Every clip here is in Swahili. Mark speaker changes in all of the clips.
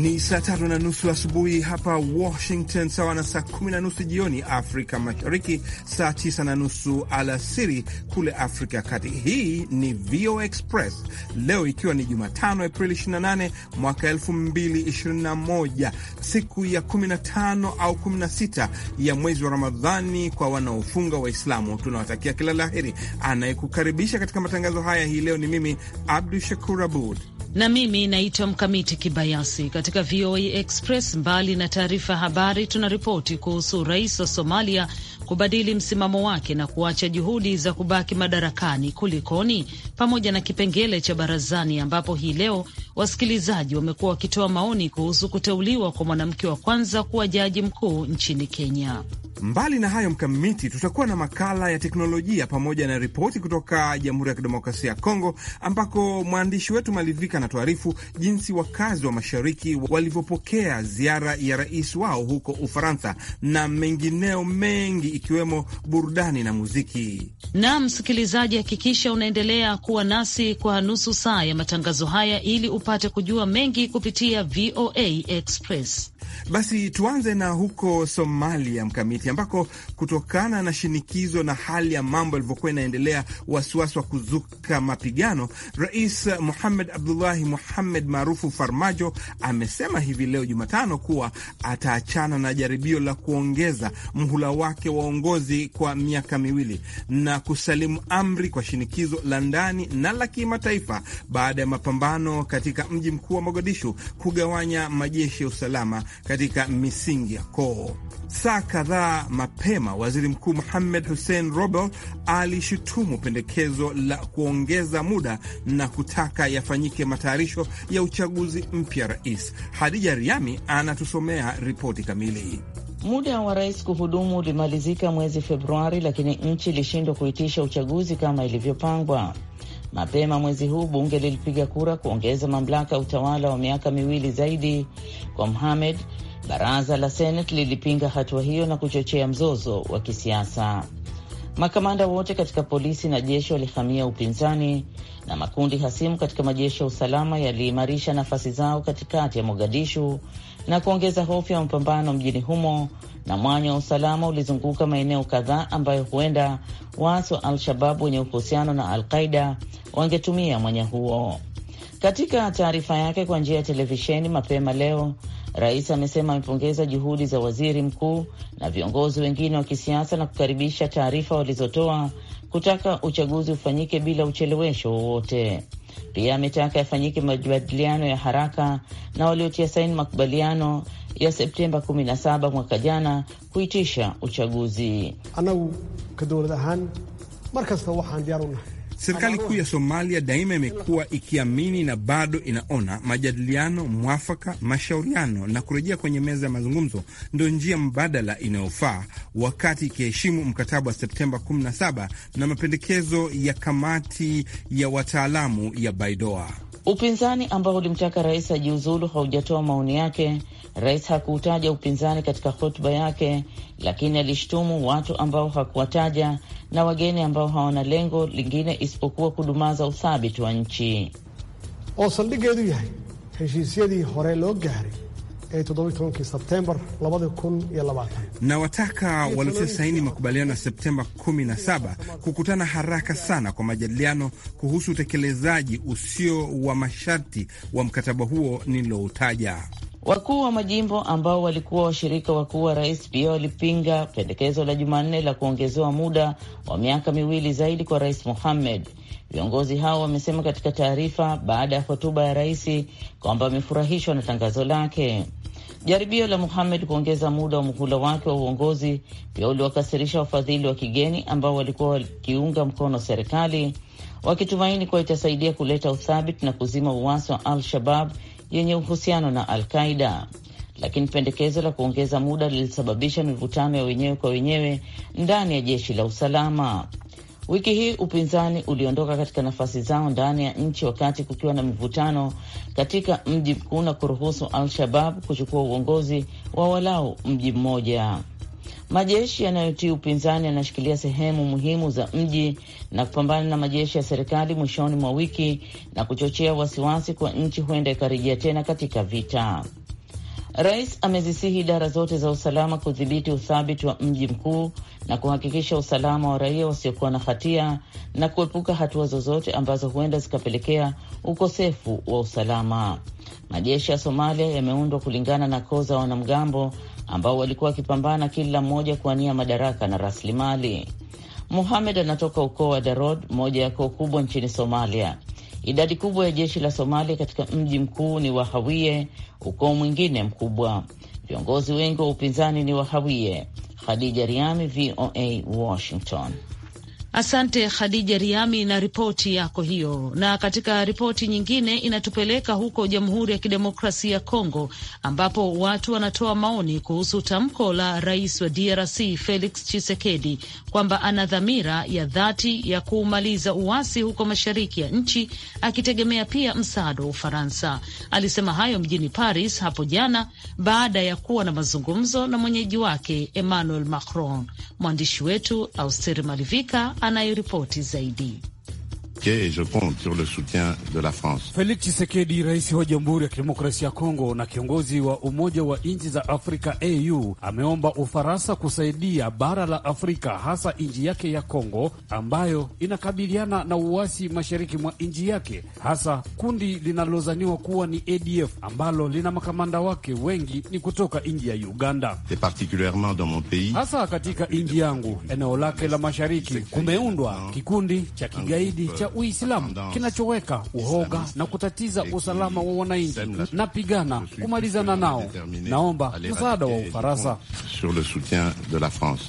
Speaker 1: Ni saa tatu na nusu asubuhi hapa Washington, sawa na saa kumi na nusu jioni Afrika Mashariki, saa tisa na nusu alasiri kule Afrika ya Kati. Hii ni VOA Express leo, ikiwa ni Jumatano Aprili 28 mwaka 2021, siku ya 15 au 16 ya mwezi wa Ramadhani kwa wanaofunga Waislamu. Tunawatakia kila laheri. Anayekukaribisha katika matangazo haya hii leo ni mimi Abdu Shakur Abud
Speaker 2: na mimi naitwa Mkamiti Kibayasi. Katika VOA Express, mbali na taarifa ya habari, ripoti kuhusu rais wa Somalia kubadili msimamo wake na kuacha juhudi za kubaki madarakani. Kulikoni? Pamoja na kipengele cha barazani, ambapo hii leo wasikilizaji wamekuwa wakitoa maoni kuhusu kuteuliwa kwa mwanamke wa kwanza kuwa jaji mkuu nchini Kenya.
Speaker 1: Mbali na hayo, Mkamiti, tutakuwa na makala ya teknolojia pamoja na ripoti kutoka Jamhuri ya Kidemokrasia ya Kongo, ambako mwandishi wetu Malivika anatuarifu jinsi wakazi wa mashariki walivyopokea ziara ya rais wao huko Ufaransa na mengineo mengi, ikiwemo burudani na muziki.
Speaker 2: na msikilizaji, hakikisha unaendelea kuwa nasi kwa nusu saa ya matangazo haya
Speaker 1: ili upate kujua mengi kupitia VOA Express. Basi tuanze na huko Somalia, Mkamiti ambako kutokana na shinikizo na hali ya mambo yalivyokuwa inaendelea, wasiwasi wa kuzuka mapigano, Rais Muhamed Abdullahi Muhamed maarufu Farmajo amesema hivi leo Jumatano kuwa ataachana na jaribio la kuongeza mhula wake wa uongozi kwa miaka miwili na kusalimu amri kwa shinikizo la ndani na la kimataifa baada ya mapambano katika mji mkuu wa Mogadishu kugawanya majeshi ya usalama katika misingi ya koo. Saa kadhaa mapema, waziri mkuu Mohamed Hussein Robel alishutumu pendekezo la kuongeza muda na kutaka yafanyike matayarisho ya uchaguzi mpya rais. Hadija Riami anatusomea ripoti kamili.
Speaker 3: Muda wa rais kuhudumu ulimalizika mwezi Februari, lakini nchi ilishindwa kuitisha uchaguzi kama ilivyopangwa. Mapema mwezi huu bunge lilipiga kura kuongeza mamlaka ya utawala wa miaka miwili zaidi kwa Mohamed Baraza la Seneti lilipinga hatua hiyo na kuchochea mzozo wa kisiasa. Makamanda wote katika polisi na jeshi walihamia upinzani na makundi hasimu katika majeshi ya usalama yaliimarisha nafasi zao katikati ya Mogadishu na kuongeza hofu ya mapambano mjini humo, na mwanya wa usalama ulizunguka maeneo kadhaa ambayo huenda waasi wa Al-Shababu wenye uhusiano na Al-Qaida wangetumia mwanya huo. Katika taarifa yake kwa njia ya televisheni mapema leo, Rais amesema amepongeza juhudi za waziri mkuu na viongozi wengine wa kisiasa na kukaribisha taarifa walizotoa kutaka uchaguzi ufanyike bila uchelewesho wowote. Pia ametaka yafanyike majadiliano ya haraka na waliotia saini makubaliano ya Septemba 17 mwaka jana kuitisha uchaguzi.
Speaker 4: Anagu kadowlad ahaan mar kasta waxaan diyaar unahay
Speaker 1: Serikali kuu ya Somalia daima imekuwa ikiamini na bado inaona majadiliano mwafaka, mashauriano na kurejea kwenye meza ya mazungumzo ndio njia mbadala inayofaa, wakati ikiheshimu mkataba wa Septemba 17 na mapendekezo ya kamati ya wataalamu ya Baidoa.
Speaker 3: Upinzani ambao ulimtaka rais ajiuzulu haujatoa maoni yake. Rais hakuutaja upinzani katika hotuba yake, lakini alishtumu watu ambao hakuwataja na wageni ambao hawana lengo lingine isipokuwa kudumaza uthabiti wa nchi
Speaker 4: oo saldhigeedu yahay heshiisyadii hore loo gaaray
Speaker 1: na wataka waliotia saini makubaliano ya Septemba saba kukutana haraka sana kwa majadiliano kuhusu utekelezaji usio wa masharti wa mkataba huo nililoutaja.
Speaker 3: Wakuu wa majimbo ambao walikuwa washirika wakuu wa rais pia walipinga pendekezo la Jumanne la kuongezewa muda wa miaka miwili zaidi kwa rais Mohammed. Viongozi hao wamesema katika taarifa baada ya hotuba ya rais kwamba wamefurahishwa na tangazo lake. Jaribio la Muhamed kuongeza muda wa muhula wake wa uongozi pia uliwakasirisha wafadhili wa kigeni ambao walikuwa wakiunga mkono serikali wakitumaini kuwa itasaidia kuleta uthabiti na kuzima uwasi wa Al-Shabab yenye uhusiano na Al-Qaida, lakini pendekezo la kuongeza muda lilisababisha mivutano ya wenyewe kwa wenyewe ndani ya jeshi la usalama. Wiki hii upinzani uliondoka katika nafasi zao ndani ya nchi wakati kukiwa na mivutano katika mji mkuu na kuruhusu Al-Shabab kuchukua uongozi wa walau mji mmoja. Majeshi yanayotii upinzani yanashikilia sehemu muhimu za mji na kupambana na majeshi ya serikali mwishoni mwa wiki na kuchochea wasiwasi kwa nchi huenda ikarejea tena katika vita. Rais amezisihi idara zote za usalama kudhibiti uthabiti wa mji mkuu na kuhakikisha usalama wa raia wasiokuwa na hatia na kuepuka hatua zozote ambazo huenda zikapelekea ukosefu wa usalama. Majeshi ya Somalia yameundwa kulingana na koo za wanamgambo ambao walikuwa wakipambana kila mmoja kuwania madaraka na rasilimali. Muhamed anatoka ukoo wa Darod, moja ya koo kubwa nchini Somalia. Idadi kubwa ya jeshi la Somalia katika mji mkuu ni Wahawiye, ukoo mwingine mkubwa. Viongozi wengi wa upinzani ni Wahawiye. Khadija Riami, VOA, Washington.
Speaker 2: Asante Khadija Riami na ripoti yako hiyo. Na katika ripoti nyingine, inatupeleka huko Jamhuri ya Kidemokrasia ya Kongo, ambapo watu wanatoa maoni kuhusu tamko la rais wa DRC Felix Tshisekedi kwamba ana dhamira ya dhati ya kuumaliza uasi huko mashariki ya nchi, akitegemea pia msaada wa Ufaransa. Alisema hayo mjini Paris hapo jana baada ya kuwa na mazungumzo na mwenyeji wake Emmanuel Macron. Mwandishi wetu Austeri Malivika anayeripoti zaidi.
Speaker 1: et je compte sur le soutien de la France.
Speaker 2: Felix Tshisekedi,
Speaker 4: rais wa Jamhuri ya Kidemokrasia ya Kongo na kiongozi wa Umoja wa Nchi za Afrika AU, ameomba Ufaransa kusaidia bara la Afrika, hasa nchi yake ya Kongo ambayo inakabiliana na uasi mashariki mwa nchi yake, hasa kundi linalozaniwa kuwa ni ADF ambalo lina makamanda wake wengi ni kutoka nchi ya
Speaker 5: Uganda.
Speaker 4: Hasa katika nchi yangu, eneo lake la mashariki, kumeundwa kikundi cha kigaidi cha Uislamu kinachoweka uhoga na kutatiza usalama wa wananchi na pigana kumalizana nao. Naomba msaada wa Ufaransa.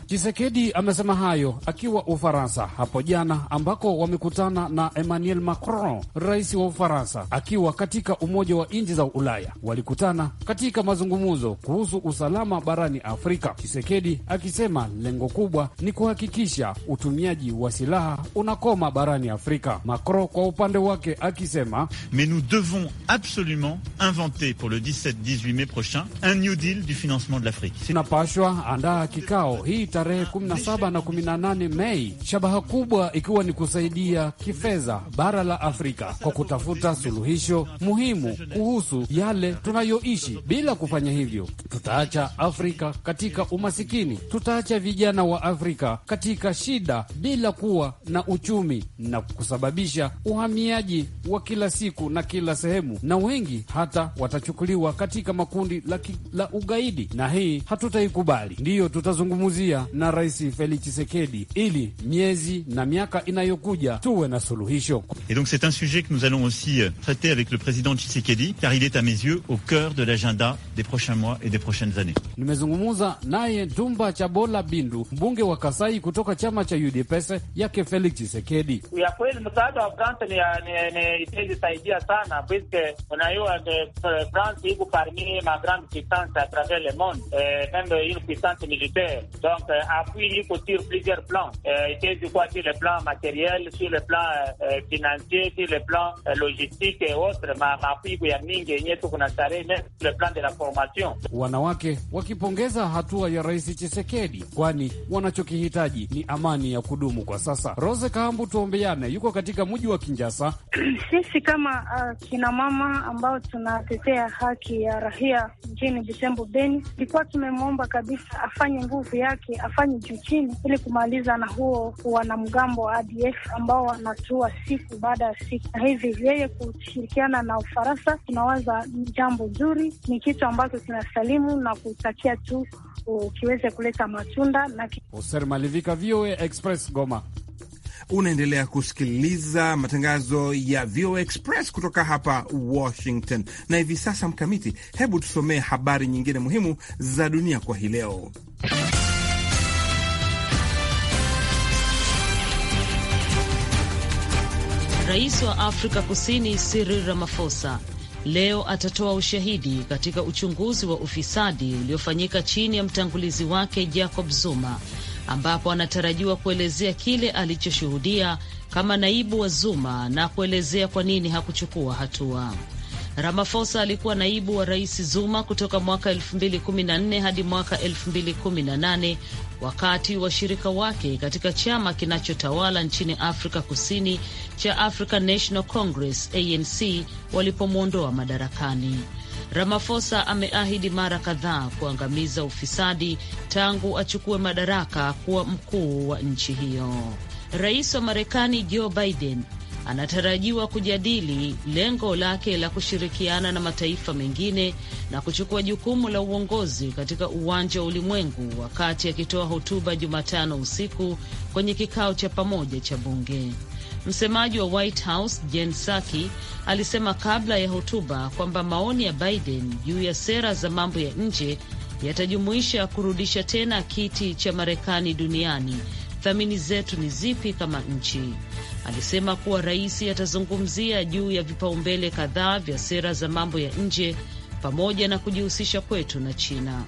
Speaker 4: Chisekedi amesema hayo akiwa Ufaransa hapo jana, ambako wamekutana na Emmanuel Macron, rais wa Ufaransa, akiwa katika Umoja wa Nchi za Ulaya. Walikutana katika mazungumzo kuhusu usalama barani Afrika, Chisekedi akisema lengo kubwa ni kuhakikisha utumiaji wa silaha unakoma barani Afrika haraka. Macron kwa upande wake akisema, mais nous devons absolument inventer pour le 17-18 mai prochain un new deal du financement de l'Afrique. Tunapashwa andaa kikao hii tarehe 17 na 18 Mei, shabaha kubwa ikiwa ni kusaidia kifedha bara la Afrika kwa kutafuta suluhisho muhimu kuhusu yale tunayoishi. Bila kufanya hivyo, tutaacha Afrika katika umasikini, tutaacha vijana wa Afrika katika shida bila kuwa na uchumi na kusababisha kusababisha uhamiaji wa kila siku na kila sehemu, na wengi hata watachukuliwa katika makundi la, la ugaidi, na hii hatutaikubali. Ndiyo tutazungumzia na Rais Felix Tshisekedi ili miezi na miaka inayokuja tuwe na suluhisho. Et donc c'est un sujet que nous allons aussi euh, traiter avec le président
Speaker 5: Tshisekedi car il est à mes yeux au cœur de l'agenda des prochains mois et des prochaines années.
Speaker 4: Nimezungumza naye Tumba Chabola Bindu, mbunge wa Kasai kutoka chama cha UDPS yake Felix Tshisekedi.
Speaker 6: Ya kweli msaada wa France ni itaisaidia sana puisque unajua France iko parmi ma grande puissance a travers le monde euh, même une puissance militaire donc euh, appui iko sur plusieurs plans euh, itaezi kuwa sur le plan matériel sur le plan financier sur le plan logistique et autres maapui iko ya mingi yenye tuko na starehe même sur le plan de la formation.
Speaker 4: Wanawake wakipongeza hatua ya Rais Tshisekedi kwani wanachokihitaji ni amani ya kudumu kwa sasa. Rose Kahambu, tuombeane yuko katika mji wa Kinjasa.
Speaker 7: Sisi kama uh, kina mama ambao tunatetea haki ya rahia mjini Butembo, Beni, ilikuwa tumemwomba kabisa afanye nguvu yake, afanye juu chini, ili kumaliza na huo wanamgambo wa ADF ambao wanatua siku baada ya siku, na hivi yeye kushirikiana na Ufaransa tunawaza jambo zuri, ni kitu ambacho tunasalimu na kutakia tu ukiweze kuleta matunda na
Speaker 1: Malivika, VOA Express, Goma. Unaendelea kusikiliza matangazo ya VOA Express kutoka hapa Washington, na hivi sasa, Mkamiti, hebu tusomee habari nyingine muhimu za dunia kwa hii leo.
Speaker 2: Rais wa Afrika Kusini Cyril Ramaphosa leo atatoa ushahidi katika uchunguzi wa ufisadi uliofanyika chini ya mtangulizi wake Jacob Zuma ambapo anatarajiwa kuelezea kile alichoshuhudia kama naibu wa Zuma na kuelezea kwa nini hakuchukua hatua. ramafosa alikuwa naibu wa rais Zuma kutoka mwaka 2014 hadi mwaka 2018 wakati washirika wake katika chama kinachotawala nchini Afrika Kusini cha African National Congress ANC walipomwondoa madarakani. Ramaphosa ameahidi mara kadhaa kuangamiza ufisadi tangu achukue madaraka kuwa mkuu wa nchi hiyo. Rais wa Marekani Joe Biden anatarajiwa kujadili lengo lake la kushirikiana na mataifa mengine na kuchukua jukumu la uongozi katika uwanja wa ulimwengu wakati akitoa hotuba Jumatano usiku kwenye kikao cha pamoja cha bunge. Msemaji wa White House Jen Psaki alisema kabla ya hotuba kwamba maoni ya Biden juu ya sera za mambo ya nje yatajumuisha kurudisha tena kiti cha Marekani duniani. Thamini zetu ni zipi kama nchi? Alisema kuwa rais atazungumzia juu ya vipaumbele kadhaa vya sera za mambo ya nje pamoja na kujihusisha kwetu na China.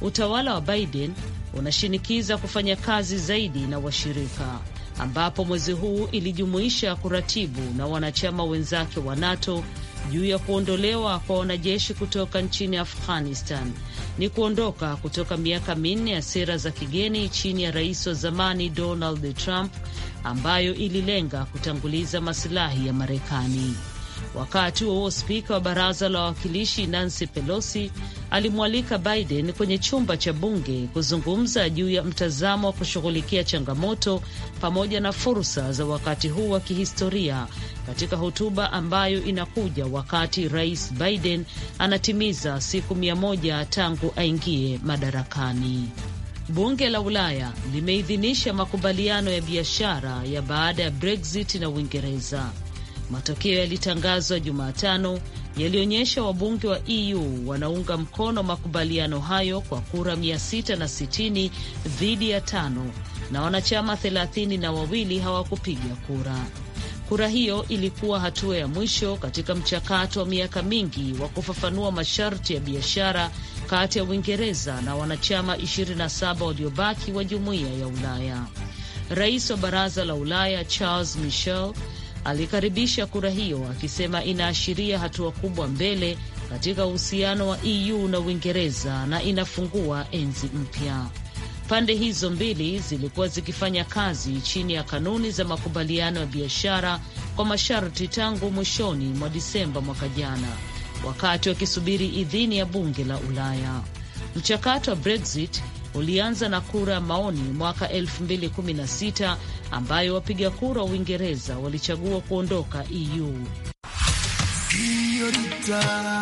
Speaker 2: Utawala wa Biden unashinikiza kufanya kazi zaidi na washirika ambapo mwezi huu ilijumuisha kuratibu na wanachama wenzake wa NATO juu ya kuondolewa kwa wanajeshi kutoka nchini Afghanistan. Ni kuondoka kutoka miaka minne ya sera za kigeni chini ya rais wa zamani Donald Trump ambayo ililenga kutanguliza masilahi ya Marekani. Wakati huo spika wa baraza la wawakilishi Nancy Pelosi alimwalika Biden kwenye chumba cha bunge kuzungumza juu ya mtazamo wa kushughulikia changamoto pamoja na fursa za wakati huu wa kihistoria, katika hotuba ambayo inakuja wakati rais Biden anatimiza siku mia moja tangu aingie madarakani. Bunge la Ulaya limeidhinisha makubaliano ya biashara ya baada ya Brexit na Uingereza. Matokeo yalitangazwa Jumatano yalionyesha wabunge wa EU wanaunga mkono makubaliano hayo kwa kura 660 dhidi ya tano na wanachama thelathini na wawili hawakupiga kura. Kura hiyo ilikuwa hatua ya mwisho katika mchakato wa miaka mingi wa kufafanua masharti ya biashara kati ya Uingereza na wanachama 27 waliobaki wa jumuiya ya Ulaya. Rais wa Baraza la Ulaya Charles Michel alikaribisha kura hiyo akisema inaashiria hatua kubwa mbele katika uhusiano wa EU na Uingereza na inafungua enzi mpya. Pande hizo mbili zilikuwa zikifanya kazi chini ya kanuni za makubaliano ya biashara kwa masharti tangu mwishoni mwa Disemba mwaka jana, wakati wakisubiri idhini ya bunge la Ulaya. Mchakato wa Brexit ulianza na kura ya maoni mwaka 2016 ambayo wapiga kura wa Uingereza walichagua kuondoka EU. Kiyorita,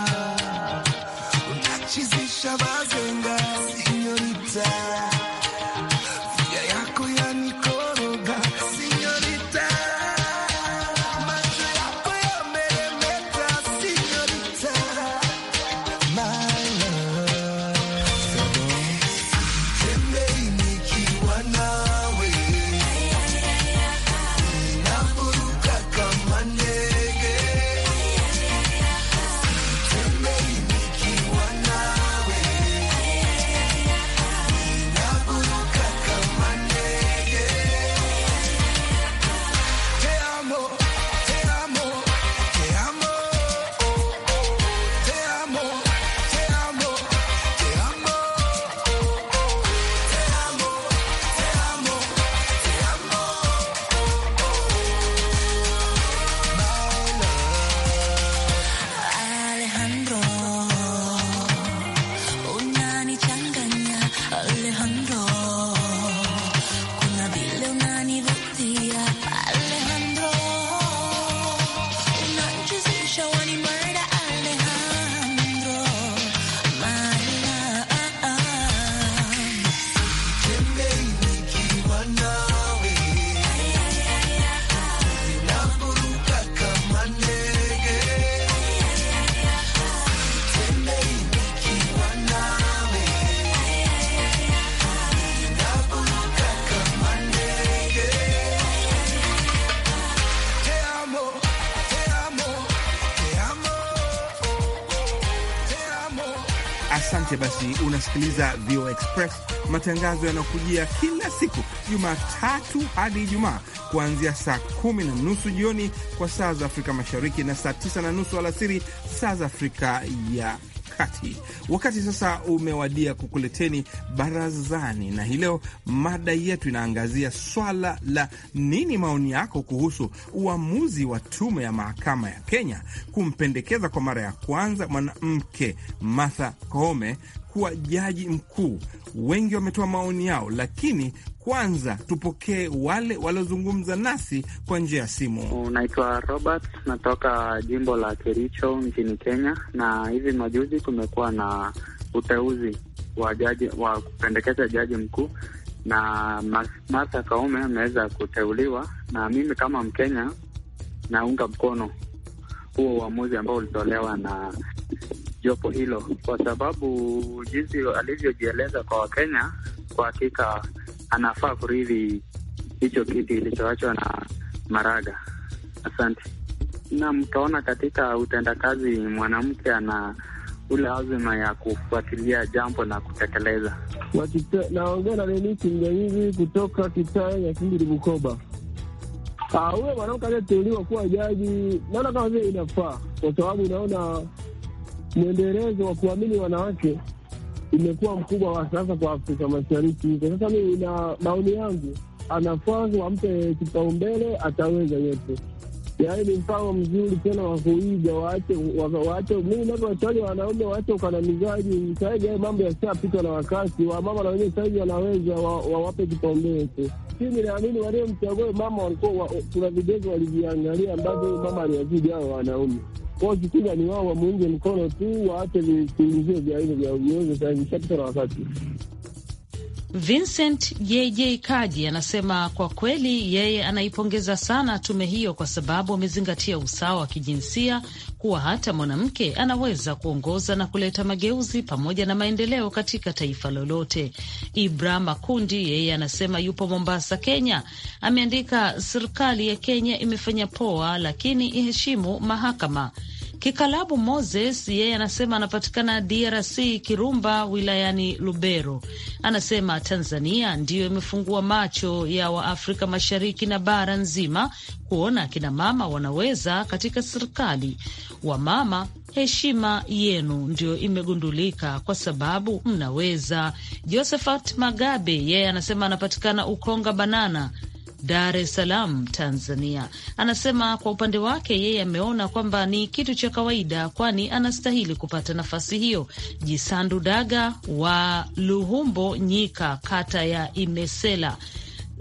Speaker 1: kusikiliza VOA Express, matangazo yanakujia kila siku Jumatatu hadi Ijumaa kuanzia saa kumi na nusu jioni kwa saa za Afrika Mashariki na saa tisa na nusu alasiri saa za Afrika ya Kati. Wakati sasa umewadia kukuleteni barazani, na hii leo mada yetu inaangazia swala la nini maoni yako kuhusu uamuzi wa tume ya mahakama ya Kenya kumpendekeza kwa mara ya kwanza mwanamke Martha Koome kuwa jaji mkuu. Wengi wametoa maoni yao, lakini kwanza tupokee wale waliozungumza nasi kwa njia ya simu.
Speaker 4: unaitwa Robert, natoka jimbo la Kericho nchini Kenya, na hivi majuzi kumekuwa na uteuzi wa jaji wa kupendekeza jaji mkuu na Martha Kaume ameweza kuteuliwa, na mimi kama Mkenya naunga mkono huo uamuzi ambao ulitolewa na jopo hilo, kwa sababu jinsi alivyojieleza kwa Wakenya, kwa hakika anafaa kuridhi hicho kiti kilichoachwa na Maraga. Asante. Na mtaona katika utendakazi mwanamke ana ule azima ya kufuatilia jambo na kutekeleza.
Speaker 5: Naongea na nini Mjanyingi kutoka ya Nyakimbili, Bukoba. Ah, huyo mwanamke aliyeteuliwa kuwa jaji, naona kama vile inafaa, kwa sababu naona mwendelezo wa kuamini wanawake imekuwa mkubwa wa sasa kwa Afrika Mashariki. Kwa sasa mimi na maoni yangu, anafaa wampe kipaumbele, ataweza yote yaani ni mpango mzuri tena wa kuiga, waache waache. Mimi navyowashauri wanaume waache ukandamizaji, sahizi yaani hayo mambo yashapitwa na wakati. Wamama na wenyewe sahizi wanaweza wawape kipaumbele tu. Mimi naamini waliomchagua mama walikuwa kuna vigezo waliviangalia ambavyo huyu mama aliwazidi hao wanaume kwao. Kikubwa ni wao wamuunge mkono tu, waache visingizio vya hivyo vya ujezo, sahizi ishapitwa na wakati.
Speaker 2: Vincent JJ Kaji anasema kwa kweli yeye anaipongeza sana tume hiyo kwa sababu amezingatia usawa wa kijinsia, kuwa hata mwanamke anaweza kuongoza na kuleta mageuzi pamoja na maendeleo katika taifa lolote. Ibra Makundi yeye anasema yupo Mombasa, Kenya. Ameandika serikali ya Kenya imefanya poa, lakini iheshimu mahakama Kikalabu Moses yeye anasema anapatikana DRC, Kirumba wilayani Lubero. Anasema Tanzania ndiyo imefungua macho ya Waafrika Mashariki na bara nzima kuona kina mama wanaweza katika serikali. Wamama, heshima yenu ndio imegundulika kwa sababu mnaweza. Josephat Magabe yeye anasema anapatikana Ukonga Banana Dar es Salaam, Tanzania, anasema kwa upande wake yeye ameona kwamba ni kitu cha kawaida, kwani anastahili kupata nafasi hiyo. Jisandu Daga wa Luhumbo Nyika, kata ya Imesela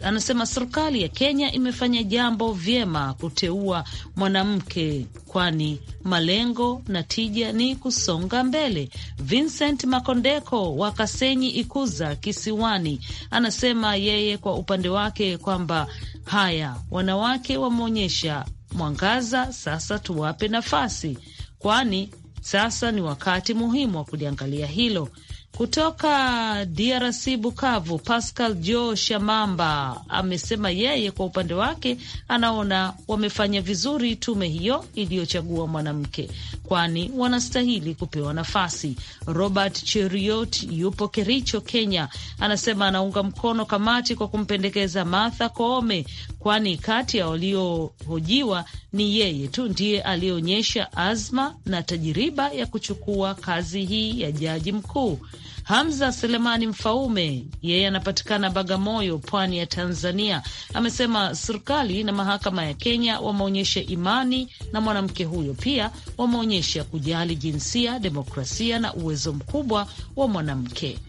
Speaker 2: Anasema serikali ya Kenya imefanya jambo vyema kuteua mwanamke, kwani malengo na tija ni kusonga mbele. Vincent Makondeko wa Kasenyi Ikuza Kisiwani anasema yeye kwa upande wake kwamba haya, wanawake wameonyesha mwangaza, sasa tuwape nafasi, kwani sasa ni wakati muhimu wa kuliangalia hilo. Kutoka DRC Bukavu, Pascal Jo Shamamba amesema yeye kwa upande wake anaona wamefanya vizuri tume hiyo iliyochagua mwanamke, kwani wanastahili kupewa nafasi. Robert Cheriot yupo Kericho, Kenya, anasema anaunga mkono kamati kwa kumpendekeza Martha Koome, kwani kati ya waliohojiwa ni yeye tu ndiye aliyeonyesha azma na tajiriba ya kuchukua kazi hii ya jaji mkuu. Hamza Selemani Mfaume yeye anapatikana Bagamoyo, pwani ya Tanzania, amesema serikali na mahakama ya Kenya wameonyesha imani na mwanamke huyo, pia wameonyesha kujali jinsia, demokrasia na uwezo mkubwa wa mwanamke.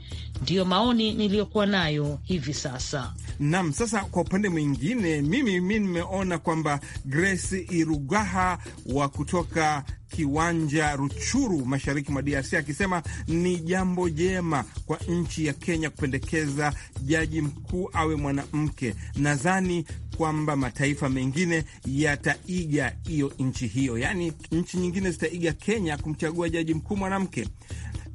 Speaker 2: Ndiyo maoni niliyokuwa
Speaker 1: nayo hivi sasa. Nam, sasa kwa upande mwingine, mimi mi nimeona kwamba Grace Irugaha wa kutoka kiwanja Ruchuru, mashariki mwa DRC, akisema ni jambo jema kwa nchi ya Kenya kupendekeza jaji mkuu awe mwanamke. Nadhani kwamba mataifa mengine yataiga hiyo nchi hiyo, yaani nchi nyingine zitaiga Kenya kumchagua jaji mkuu mwanamke.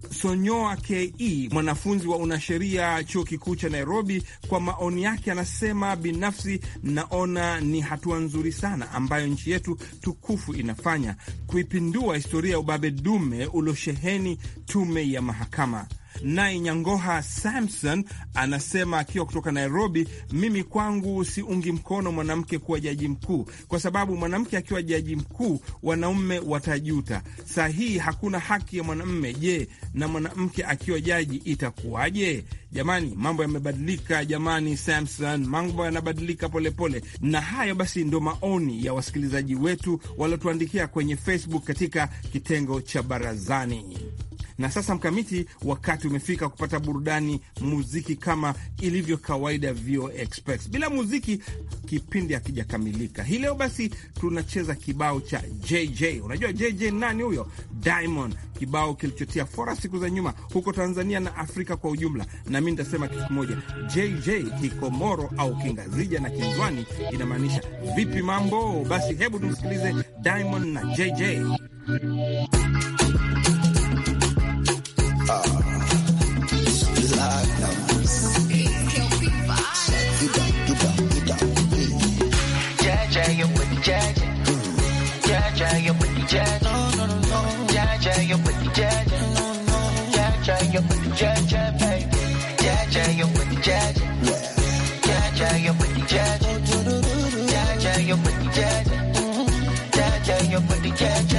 Speaker 1: Sonyoa Ke mwanafunzi wa unasheria chuo kikuu cha Nairobi, kwa maoni yake anasema, binafsi naona ni hatua nzuri sana ambayo nchi yetu tukufu inafanya kuipindua historia ya ubabe dume uliosheheni tume ya mahakama. Naye Nyangoha Samson anasema akiwa kutoka Nairobi, mimi kwangu siungi mkono mwanamke kuwa jaji mkuu, kwa sababu mwanamke akiwa jaji mkuu wanaume watajuta. Saa hii hakuna haki ya mwanamme. Je, na mwanamke akiwa jaji itakuwaje? Jamani, mambo yamebadilika jamani, Samson, mambo yanabadilika polepole. Na hayo basi ndo maoni ya wasikilizaji wetu waliotuandikia kwenye Facebook katika kitengo cha barazani. Na sasa Mkamiti, wakati umefika kupata burudani muziki, kama ilivyo kawaida VOA Express. Bila muziki kipindi hakijakamilika. Hii leo basi tunacheza kibao cha JJ. Unajua JJ nani huyo? Diamond, kibao kilichotia fora siku za nyuma huko Tanzania na Afrika kwa ujumla. Na mi nitasema kitu kimoja, JJ Kikomoro au Kingazija na Kinzwani inamaanisha vipi mambo? Basi hebu tumsikilize Diamond na JJ.
Speaker 6: I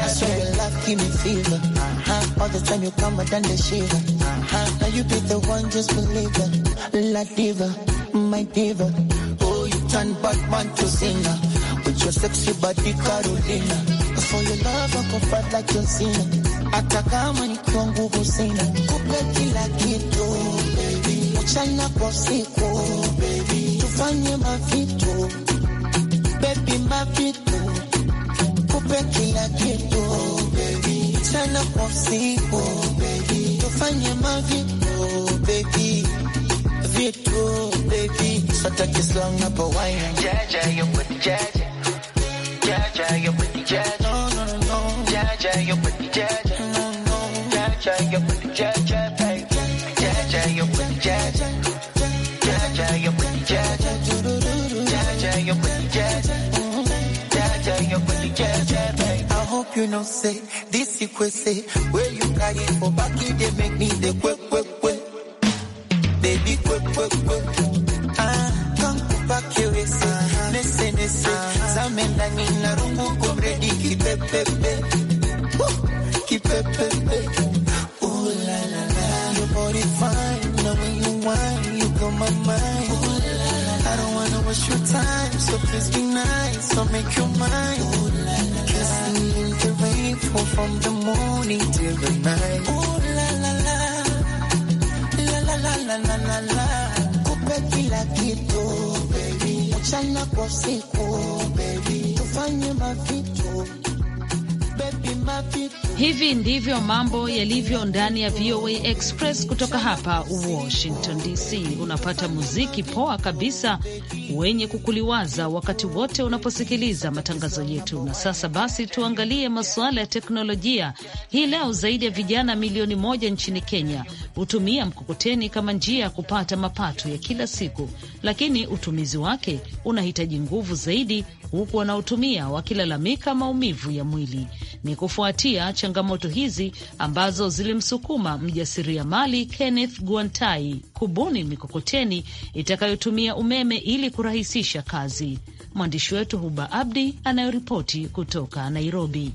Speaker 6: saw your love give me fever. All the time you come, I done the shiver. Uh-huh. Now you be the one, just believe it. La diva, my diva. Oh, you turn bad man to singer. With your sexy body, Carolina. For your love, I confide like John Cena. hata kama nikiwa nguvu sina, kupe kila kitu mchana kwa usiku, tufanye mavitu bebi, mavitu kupe kila kitu mchana kwa usiku, tufanye mavitu bebi vitu bebi, sataki slang hapo waina jaja yo jaja jaja yo jaja no no no jaja yo jaja baby. you the you I hope you know say this you could say where you carry for back they make me the quick Baby quick Ah, come back here, listen, listen, listen. Zamendani na waste your time, so please be nice, so make your mind. Ooh, la, la, Kiss me in the rain, pour from the morning till the night. Ooh la la la, la la la la la la la. Kupe kila kitu, baby. Mchana kwa siku, baby. Tufanye mavitu,
Speaker 2: baby mavitu. Hivi ndivyo mambo yalivyo ndani ya VOA Express kutoka hapa Washington DC. Unapata muziki poa kabisa wenye kukuliwaza wakati wote unaposikiliza matangazo yetu. Na sasa basi, tuangalie masuala ya teknolojia hii leo. Zaidi ya vijana milioni moja nchini Kenya hutumia mkokoteni kama njia ya kupata mapato ya kila siku, lakini utumizi wake unahitaji nguvu zaidi, huku wanaotumia wakilalamika maumivu ya mwili. Ni kufuatia changamoto hizi ambazo zilimsukuma mjasiriamali Kenneth Guantai kubuni mikokoteni itakayotumia umeme ili kurahisisha kazi. Mwandishi wetu Huba Abdi anayoripoti kutoka Nairobi.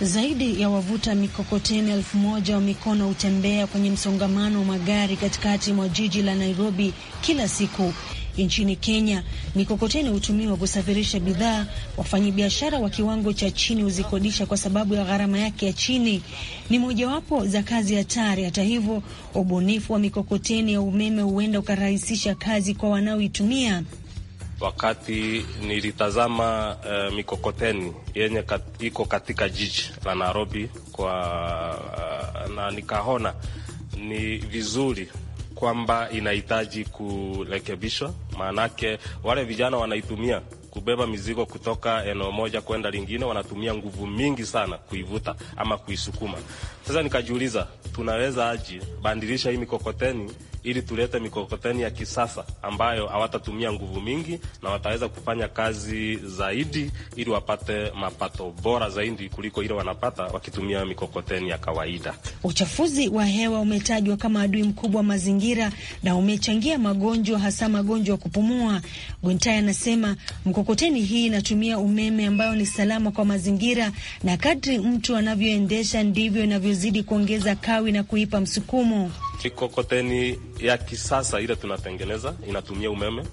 Speaker 7: Zaidi ya wavuta mikokoteni elfu moja wa mikono hutembea kwenye msongamano wa magari katikati mwa jiji la Nairobi kila siku nchini Kenya, mikokoteni hutumiwa kusafirisha bidhaa. Wafanyabiashara wa kiwango cha chini huzikodisha kwa sababu ya gharama yake ya chini. Ni mojawapo za kazi hatari. Hata hivyo, ubunifu wa mikokoteni ya umeme huenda ukarahisisha kazi kwa wanaoitumia.
Speaker 5: Wakati nilitazama uh, mikokoteni yenye kat, iko katika jiji la Nairobi kwa uh, na nikaona ni vizuri kwamba inahitaji kurekebishwa, maanake wale vijana wanaitumia kubeba mizigo kutoka eneo moja kwenda lingine, wanatumia nguvu mingi sana kuivuta ama kuisukuma. Sasa nikajiuliza tunaweza aji bandilisha hii mikokoteni ili tulete mikokoteni ya kisasa ambayo hawatatumia nguvu mingi na wataweza kufanya kazi zaidi ili wapate mapato bora zaidi kuliko ile wanapata wakitumia mikokoteni ya kawaida.
Speaker 7: Uchafuzi wa hewa umetajwa kama adui mkubwa wa mazingira na umechangia magonjwa, hasa magonjwa ya kupumua. Gontai anasema mkokoteni hii inatumia umeme ambayo ni salama kwa mazingira, na kadri mtu anavyoendesha ndivyo inavyozidi kuongeza kawi na kuipa msukumo
Speaker 5: mikokoteni ya kisasa ile tunatengeneza inatumia umeme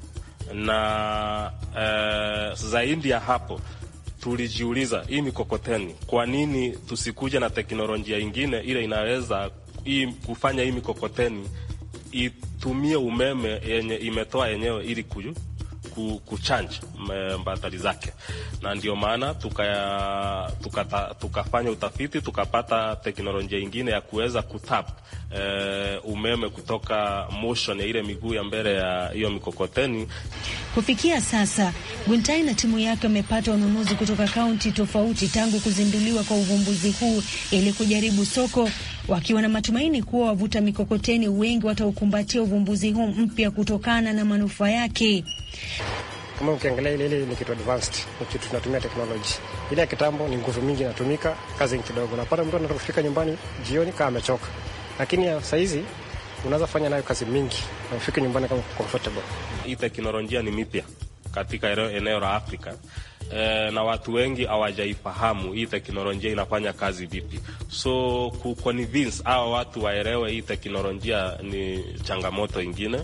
Speaker 5: na uh, zaidi ya hapo tulijiuliza hii mikokoteni, kwa nini tusikuja na teknolojia ingine ile inaweza hii, kufanya hii mikokoteni itumie umeme yenye imetoa yenyewe ili kuchanja mm, eh, mbadhari zake, na ndio maana tukafanya tuka, tuka utafiti tukapata teknolojia ingine ya kuweza kutap e, eh, umeme kutoka motion ya ile miguu ya mbele ya hiyo mikokoteni.
Speaker 7: Kufikia sasa Gwintai na timu yake wamepata ununuzi kutoka kaunti tofauti tangu kuzinduliwa kwa uvumbuzi huu ili kujaribu soko, wakiwa na matumaini kuwa wavuta mikokoteni wengi wataukumbatia uvumbuzi huu mpya kutokana na manufaa yake.
Speaker 4: Kama ukiangalia ile ile ni kitu advanced, ni kitu tunatumia technology. Ile ya kitambo ni nguvu mingi inatumika, kazi ni kidogo. Napata mtu anataka kufika nyumbani jioni kama amechoka. Lakini ya saa hizi unaweza fanya nayo kazi mingi na ufike nyumbani kama comfortable.
Speaker 5: Hii teknolojia ni mipya katika eneo la Afrika e, na watu wengi hawajaifahamu hii teknolojia inafanya kazi vipi, so kuconvince hawa watu waelewe hii teknolojia ni changamoto ingine.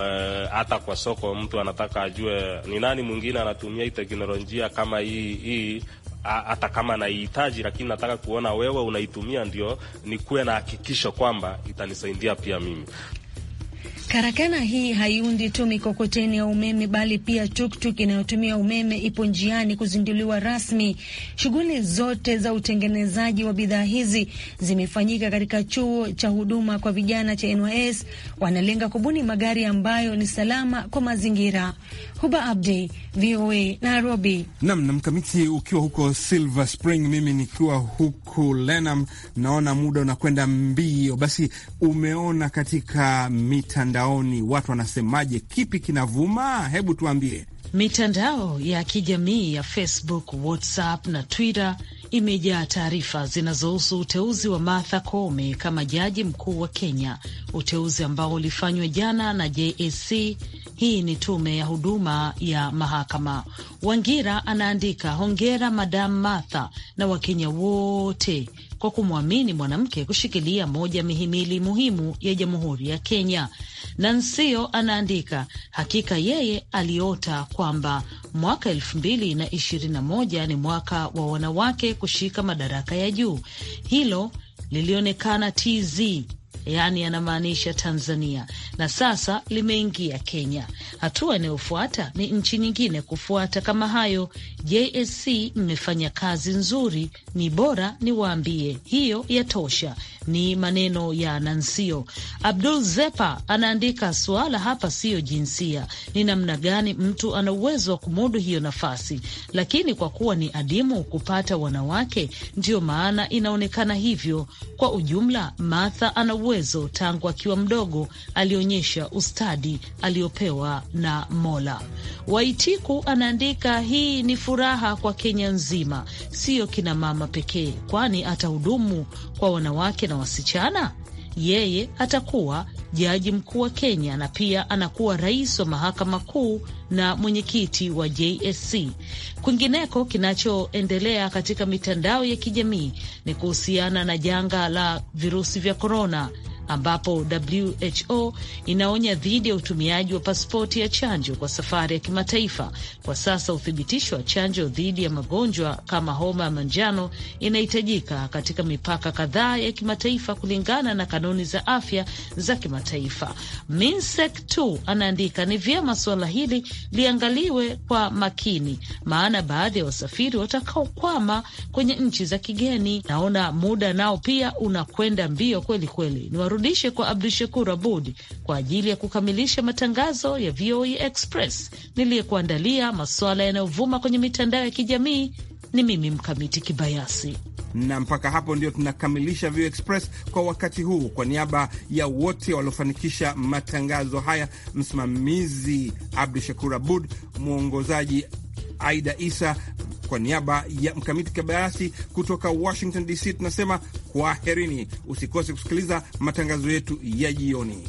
Speaker 5: Eh, hata e, kwa soko mtu anataka ajue ni nani mwingine anatumia hii teknolojia kama hii hii hata kama naihitaji lakini nataka kuona wewe unaitumia, ndio nikuwe na hakikisho kwamba itanisaidia pia mimi.
Speaker 7: Karakana hii haiundi tu mikokoteni ya umeme bali pia tuktuk inayotumia umeme ipo njiani kuzinduliwa rasmi. Shughuli zote za utengenezaji wa bidhaa hizi zimefanyika katika chuo cha huduma kwa vijana cha NYS. Wanalenga kubuni magari ambayo ni salama kwa mazingira. Huba Abdi, VOA Nairobi.
Speaker 1: Nam na mkamiti ukiwa huko Silver Spring, mimi nikiwa huku Lenam, naona muda unakwenda mbio. Basi umeona katika mita mitandaoni, watu wanasemaje? Kipi kinavuma? Hebu tuambie.
Speaker 2: Mitandao ya kijamii ya Facebook, WhatsApp na Twitter imejaa taarifa zinazohusu uteuzi wa Martha Koome kama jaji mkuu wa Kenya, uteuzi ambao ulifanywa jana na JSC hii ni tume ya huduma ya mahakama. Wangira anaandika hongera Madam Martha na Wakenya wote kwa kumwamini mwanamke kushikilia moja mihimili muhimu ya jamhuri ya Kenya. Nansio anaandika hakika yeye aliota kwamba mwaka elfu mbili na ishirini na moja ni mwaka wa wanawake kushika madaraka ya juu. Hilo lilionekana TZ yaani yanamaanisha Tanzania, na sasa limeingia Kenya. Hatua inayofuata ni nchi nyingine kufuata kama hayo. JSC mmefanya kazi nzuri, ni bora niwaambie, hiyo yatosha. Ni maneno ya Nansio Abdul Zepa. Anaandika, suala hapa siyo jinsia, ni namna gani mtu ana uwezo wa kumudu hiyo nafasi, lakini kwa kuwa ni adimu kupata wanawake, ndiyo maana inaonekana hivyo. Kwa ujumla, Martha ana uwezo uwezo. Tangu akiwa mdogo alionyesha ustadi aliopewa na Mola. Waitiku anaandika, hii ni furaha kwa Kenya nzima, siyo kina mama pekee, kwani atahudumu kwa wanawake na wasichana. Yeye atakuwa jaji mkuu wa Kenya na pia anakuwa rais wa mahakama kuu na mwenyekiti wa JSC. Kwingineko, kinachoendelea katika mitandao ya kijamii ni kuhusiana na janga la virusi vya korona ambapo WHO inaonya dhidi ya utumiaji wa pasipoti ya chanjo kwa safari ya kimataifa. Kwa sasa uthibitisho wa chanjo dhidi ya magonjwa kama homa ya manjano inahitajika katika mipaka kadhaa ya kimataifa kulingana na kanuni za afya za kimataifa. minsec t anaandika, ni vyema suala hili liangaliwe kwa makini, maana baadhi ya wasafiri watakaokwama kwenye nchi za kigeni. Naona muda nao pia unakwenda mbio kweli kweli, ni nimrudishe kwa Abdu Shakur Abud kwa ajili ya kukamilisha matangazo ya VOA e Express niliyekuandalia masuala yanayovuma kwenye mitandao ya kijamii. Ni mimi Mkamiti Kibayasi
Speaker 1: na mpaka hapo ndio tunakamilisha vo e Express kwa wakati huu. Kwa niaba ya wote waliofanikisha matangazo haya, msimamizi Abdu Shakur Abud, mwongozaji Aida Isa, kwa niaba ya Mkamiti Kibayasi kutoka Washington DC, tunasema kwaherini. Usikose kusikiliza matangazo yetu ya jioni.